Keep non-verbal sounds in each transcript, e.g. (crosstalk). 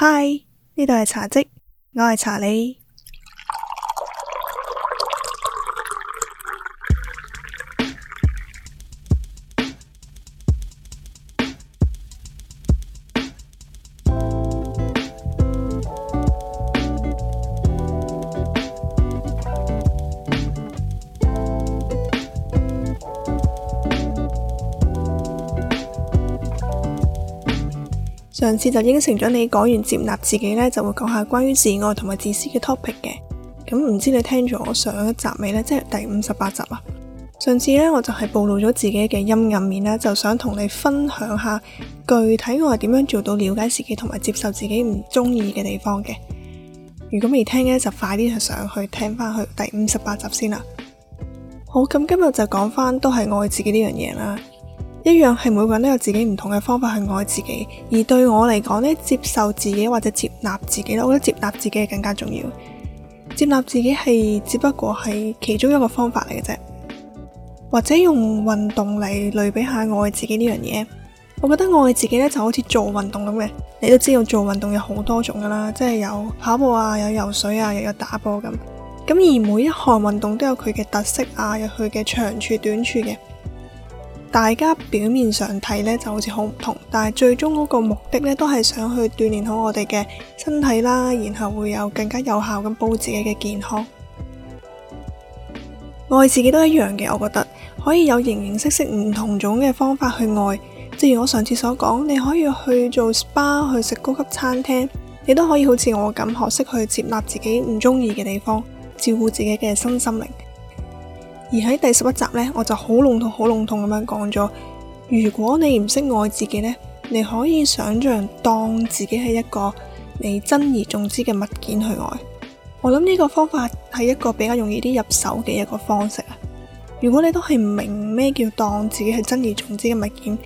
嗨，呢度係茶迹，我係茶你。上次就應承咗你講完接納自己呢，就會講下關於自愛同埋自私嘅 topic 嘅。咁唔知你聽咗我上一集未呢？即係第五十八集啊。上次呢，我就係暴露咗自己嘅陰暗面啦，就想同你分享下具體我係點樣做到了解自己同埋接受自己唔中意嘅地方嘅。如果未聽嘅就快啲去上去聽翻去第五十八集先啦。好，咁今日就講翻都係愛自己呢樣嘢啦。一樣係每個人都有自己唔同嘅方法去愛自己，而對我嚟講咧，接受自己或者接納自己咧，我覺得接納自己係更加重要。接納自己係只不過係其中一個方法嚟嘅啫，或者用運動嚟類比下愛自己呢樣嘢，我覺得我愛自己呢就好似做運動咁嘅，你都知道做運動有好多種㗎啦，即係有跑步啊，有游水啊，又有打波咁。咁而每一項運動都有佢嘅特色啊，有佢嘅長處短處嘅。大家表面上睇呢就好似好唔同，但係最終嗰個目的呢都係想去鍛煉好我哋嘅身體啦，然後會有更加有效咁保自己嘅健康。愛 (laughs) 自己都一樣嘅，我覺得可以有形形色色唔同種嘅方法去愛。正如我上次所講，你可以去做 spa，去食高級餐廳，你都可以好似我咁學識去接納自己唔中意嘅地方，照顧自己嘅身心靈。而喺第十一集呢，我就好籠統、好籠統咁樣講咗，如果你唔識愛自己呢，你可以想象，當自己係一個你珍而重之嘅物件去愛。我諗呢個方法係一個比較容易啲入手嘅一個方式啊。如果你都係唔明咩叫當自己係珍而重之嘅物件，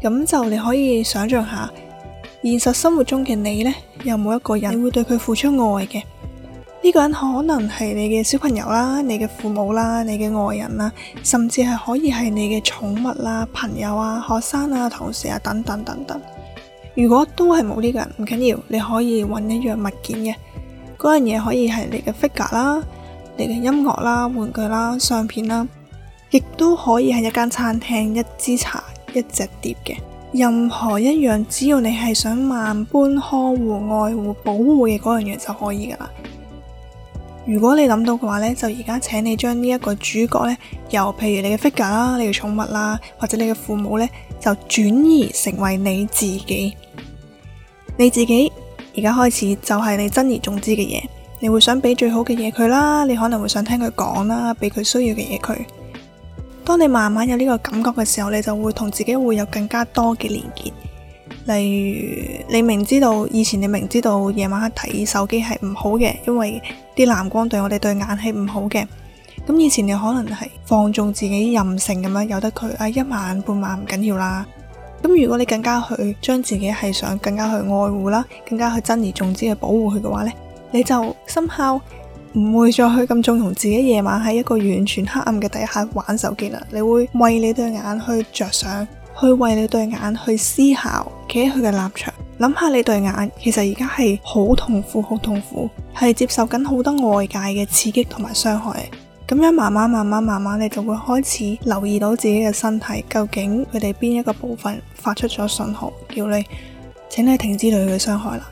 咁就你可以想象下現實生活中嘅你呢，有冇一個人你會對佢付出愛嘅？呢個人可能係你嘅小朋友啦，你嘅父母啦，你嘅愛人啦，甚至係可以係你嘅寵物啦、朋友啊、學生啊、同事啊等等等等。如果都係冇呢個人唔緊要，你可以揾一樣物件嘅嗰樣嘢，可以係你嘅 figure 啦、你嘅音樂啦、玩具啦、相片啦，亦都可以係一間餐廳、一支茶、一隻碟嘅任何一樣，只要你係想萬般呵護、愛護、保護嘅嗰樣嘢就可以噶啦。如果你諗到嘅話呢，就而家請你將呢一個主角呢，由譬如你嘅 figure 啦，你嘅寵物啦，或者你嘅父母呢，就轉移成為你自己。你自己而家開始就係你珍而重之嘅嘢，你會想俾最好嘅嘢佢啦，你可能會想聽佢講啦，俾佢需要嘅嘢佢。當你慢慢有呢個感覺嘅時候，你就會同自己會有更加多嘅連結。例如，你明知道以前你明知道夜晚黑睇手機係唔好嘅，因為啲藍光對我哋對眼係唔好嘅。咁以前你可能係放縱自己任性咁樣，由得佢啊，一晚半晚唔緊要啦。咁如果你更加去將自己係想更加去愛護啦，更加去珍而重之去保護佢嘅話咧，你就生效唔會再去咁縱容自己夜晚喺一個完全黑暗嘅底下玩手機啦。你會為你對眼去着想。去為你對眼去思考，企喺佢嘅立場，諗下你對眼其實而家係好痛苦，好痛苦，係接受緊好多外界嘅刺激同埋傷害。咁樣慢慢、慢慢、慢慢，你就會開始留意到自己嘅身體，究竟佢哋邊一個部分發出咗信號，叫你，請你停止對佢嘅傷害啦。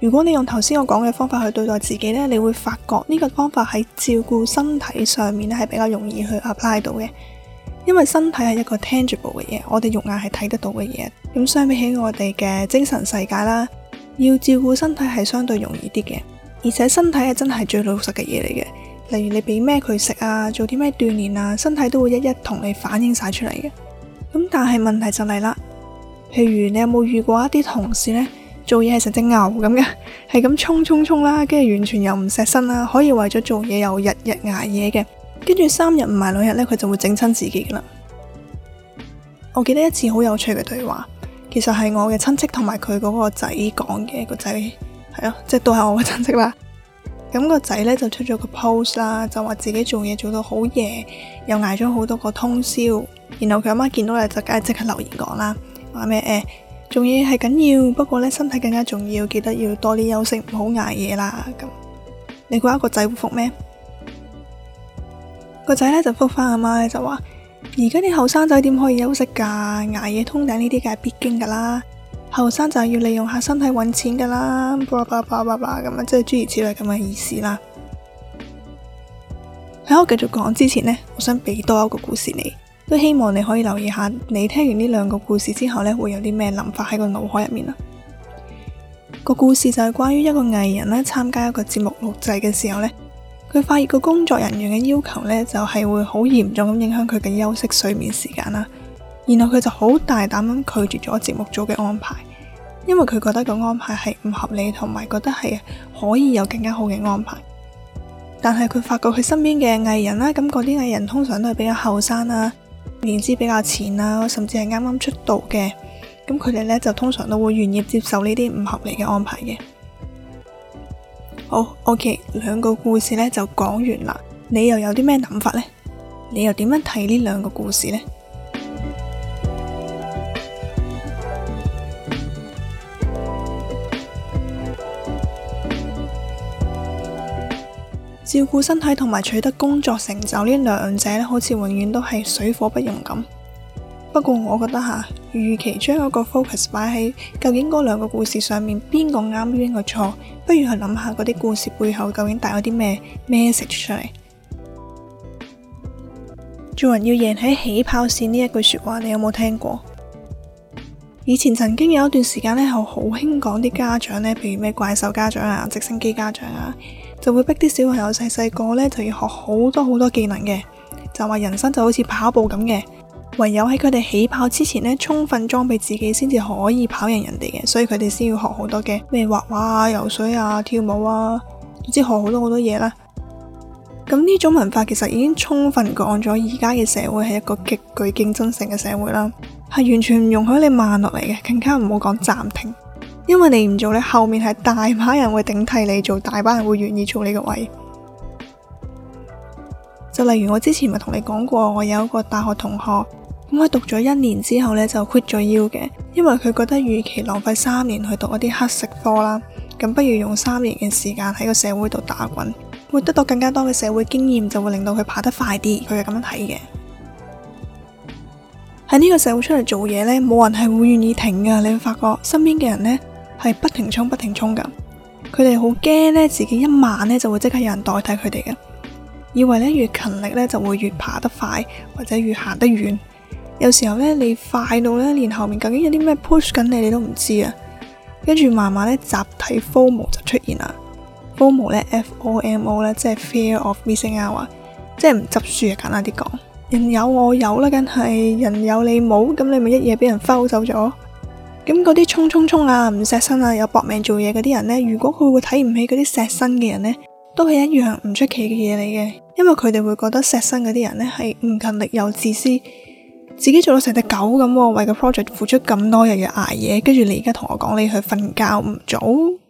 如果你用頭先我講嘅方法去對待自己呢，你會發覺呢個方法喺照顧身體上面呢係比較容易去 apply 到嘅，因為身體係一個 tangible 嘅嘢，我哋肉眼係睇得到嘅嘢。咁相比起我哋嘅精神世界啦，要照顧身體係相對容易啲嘅，而且身體係真係最老實嘅嘢嚟嘅。例如你俾咩佢食啊，做啲咩鍛煉啊，身體都會一一同你反映晒出嚟嘅。咁但係問題就嚟啦，譬如你有冇遇過一啲同事呢？做嘢係成隻牛咁嘅，係咁衝衝衝啦，跟住完全又唔錫身啦，可以為咗做嘢又日日挨夜嘅，跟住三日唔埋兩日呢，佢就會整親自己噶啦。我記得一次好有趣嘅對話，其實係我嘅親戚同埋佢嗰個仔講嘅。個仔，係咯、啊，即係都係我嘅親戚啦。咁個仔呢，就出咗個 post 啦，就話自己做嘢做到好夜，又挨咗好多個通宵，然後佢阿媽見到你，就梗係即刻留言講啦，話咩誒？哎仲要係緊要，不過咧身體更加重要，記得要多啲休息，唔好挨夜啦咁。你估下個仔會復咩？個仔咧就復翻阿媽咧就話：而家啲後生仔點可以休息噶？挨夜通頂呢啲梗係必經噶啦。後生仔要利用下身體揾錢噶啦，啦，啦，啦，啦，啦，啦，叭叭叭叭叭咁啊，即係諸如此類咁嘅意思啦。喺、啊、我繼續講之前咧，我想俾多一個故事你。都希望你可以留意下，你聽完呢兩個故事之後呢會有啲咩諗法喺個腦海入面啊？個故事就係關於一個藝人呢參加一個節目錄製嘅時候呢，佢發現個工作人員嘅要求呢就係會好嚴重咁影響佢嘅休息睡眠時間啦。然後佢就好大膽咁拒絕咗節目組嘅安排，因為佢覺得個安排係唔合理，同埋覺得係可以有更加好嘅安排。但係佢發覺佢身邊嘅藝人咧，感覺啲藝人通常都係比較後生啊。年資比較淺呀，甚至係啱啱出道嘅，咁佢哋呢就通常都會願意接受呢啲唔合理嘅安排嘅。好，OK，兩個故事呢就講完啦。你又有啲咩諗法呢？你又點樣睇呢兩個故事呢？照顧身體同埋取得工作成就，呢兩者好似永遠都係水火不容咁。不過我覺得吓，與其將嗰個 focus 擺喺究竟嗰兩個故事上面邊個啱邊個錯，不如去諗下嗰啲故事背後究竟帶咗啲咩 message 出嚟。做人要贏喺起跑線呢一句說話，你有冇聽過？以前曾經有一段時間咧，好興講啲家長咧，譬如咩怪獸家長啊、直升機家長啊。就會逼啲小朋友細細個咧就要學好多好多技能嘅，就話人生就好似跑步咁嘅，唯有喺佢哋起跑之前咧，充分裝備自己先至可以跑贏人哋嘅，所以佢哋先要學好多嘅咩畫畫啊、游水啊、跳舞啊，總之學好多好多嘢啦。咁呢種文化其實已經充分講咗，而家嘅社會係一個極具競爭性嘅社會啦，係完全唔容許你慢落嚟嘅，更加唔好講暫停。因為你唔做呢，後面係大把人會頂替你做，大把人會願意做你個位。就例如我之前咪同你講過，我有一個大學同學咁，佢讀咗一年之後呢，就 quit 咗 U 嘅，因為佢覺得與其浪費三年去讀嗰啲黑食科啦，咁不如用三年嘅時間喺個社會度打滾，會得到更加多嘅社會經驗，就會令到佢爬得快啲。佢係咁樣睇嘅。喺呢個社會出嚟做嘢呢，冇人係會願意停噶。你會發覺身邊嘅人呢。係不停衝不停衝㗎，佢哋好驚咧，自己一慢咧就會即刻有人代替佢哋嘅，以為咧越勤力咧就會越爬得快或者越行得遠。有時候咧你快到咧連後面究竟有啲咩 push 緊你，你都唔知啊。跟住慢慢咧集體 FOMO 就出現啦。FOMO 咧，FOMO 咧，即係 Fear of Missing Out，啊，即係唔執輸啊！簡單啲講，人有我有啦，梗係人有你冇，咁你咪一夜俾人拋走咗。咁嗰啲衝衝衝啊，唔錫身啊，有搏命做嘢嗰啲人呢，如果佢會睇唔起嗰啲錫身嘅人呢，都係一樣唔出奇嘅嘢嚟嘅，因為佢哋會覺得錫身嗰啲人呢係唔勤力又自私，自己做到成隻狗咁，為個 project 付出咁多日嘅捱夜，跟住你而家同我講你去瞓覺唔早。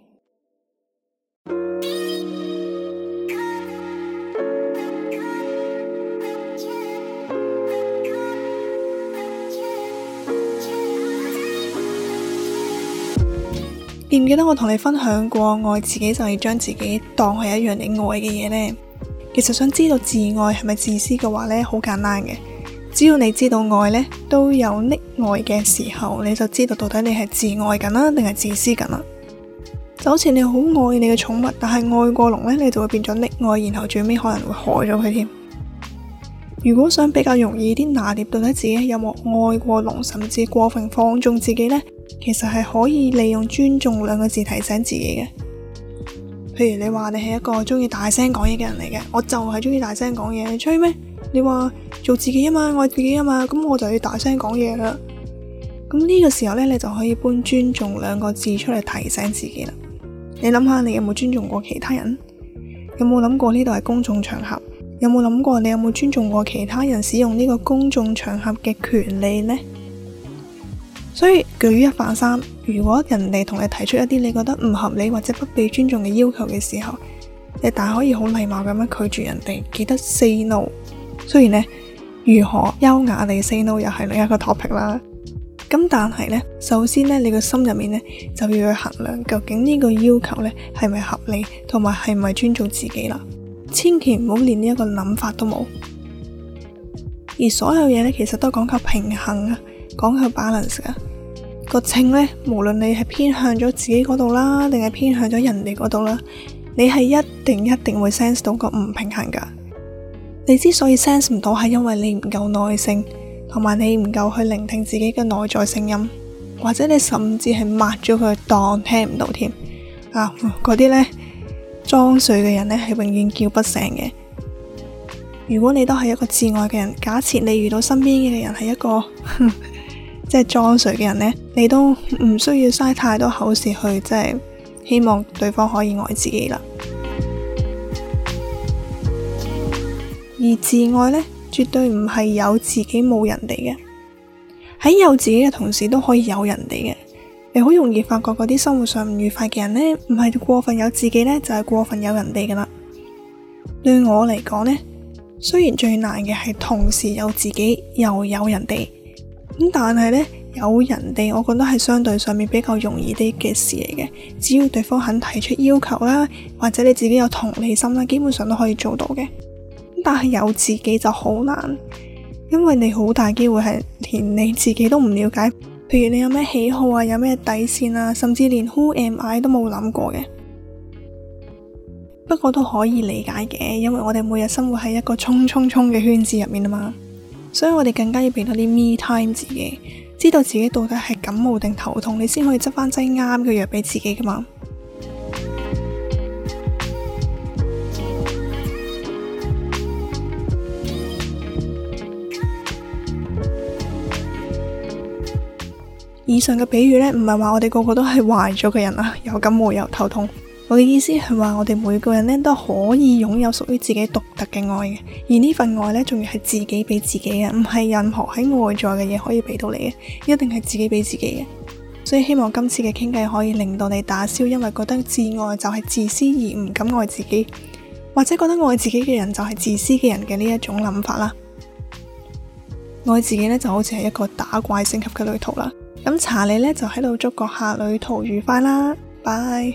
記唔記得我同你分享過，愛自己就要將自己當係一樣你愛嘅嘢呢？其實想知道自愛係咪自私嘅話呢，好簡單嘅，只要你知道愛呢都有溺愛嘅時候，你就知道到底你係自愛緊啦，定係自私緊啦。就好似你好愛你嘅寵物，但係愛過龍呢，你就會變咗溺愛，然後最尾可能會害咗佢添。如果想比較容易啲，拿捏到底自己有冇愛過龍，甚至過分放縱自己呢？其實係可以利用尊重兩個字提醒自己嘅。譬如你話你係一個中意大聲講嘢嘅人嚟嘅，我就係中意大聲講嘢，你吹咩？你話做自己啊嘛，愛自己啊嘛，咁我就要大聲講嘢啦。咁呢個時候呢，你就可以搬尊重兩個字出嚟提醒自己啦。你諗下，你有冇尊重過其他人？有冇諗過呢度係公眾場合？有冇諗過你有冇尊重過其他人使用呢個公眾場合嘅權利呢？所以舉一反三，如果人哋同你提出一啲你覺得唔合理或者不被尊重嘅要求嘅時候，你大可以好禮貌咁樣拒絕人哋。記得 say no。雖然呢，如何優雅地 say no 又係另一個 topic 啦。咁但係呢，首先呢，你個心入面呢，就要去衡量究竟呢個要求呢係咪合理，同埋係咪尊重自己啦。千祈唔好連呢一個諗法都冇。而所有嘢呢，其實都講求平衡啊。講佢 balance 噶個秤呢，無論你係偏向咗自己嗰度啦，定係偏向咗人哋嗰度啦，你係一定一定會 sense 到個唔平衡噶。你之所以 sense 唔到，係因為你唔夠耐性，同埋你唔夠去聆聽自己嘅內在聲音，或者你甚至係抹咗佢當聽唔到添啊！嗰啲呢裝睡嘅人呢，係永遠叫不醒嘅。如果你都係一個自愛嘅人，假設你遇到身邊嘅人係一個。 (laughs) 即係裝睡嘅人呢，你都唔需要嘥太多口舌去，即係希望對方可以愛自己啦。而自愛呢，絕對唔係有自己冇人哋嘅，喺有自己嘅同時都可以有人哋嘅。你好容易發覺嗰啲生活上唔愉快嘅人呢，唔係過分有自己呢，就係過分有人哋噶啦。對我嚟講呢，雖然最難嘅係同時有自己又有人哋。咁但係呢，有人哋，我覺得係相對上面比較容易啲嘅事嚟嘅，只要對方肯提出要求啦，或者你自己有同理心啦，基本上都可以做到嘅。但係有自己就好難，因為你好大機會係連你自己都唔了解，譬如你有咩喜好啊，有咩底線啊，甚至連 Who am I 都冇諗過嘅。不過都可以理解嘅，因為我哋每日生活喺一個衝衝衝嘅圈子入面啊嘛。所以我哋更加要俾多啲 me time 自己，知道自己到底係感冒定頭痛，你先可以執返劑啱嘅藥俾自己嘛。以上嘅比喻咧，唔係話我哋個個都係壞咗嘅人啊，有感冒又頭痛。我嘅意思係話，我哋每個人咧都可以擁有屬於自己獨特嘅愛嘅，而呢份愛咧，仲要係自己俾自己嘅，唔係任何喺外在嘅嘢可以俾到你嘅，一定係自己俾自己嘅。所以希望今次嘅傾偈可以令到你打消因為覺得自愛就係自私而唔敢愛自己，或者覺得愛自己嘅人就係自私嘅人嘅呢一種諗法啦。愛自己咧就好似係一個打怪升級嘅旅途啦。咁查理咧就喺度祝閣下旅途愉快啦，拜。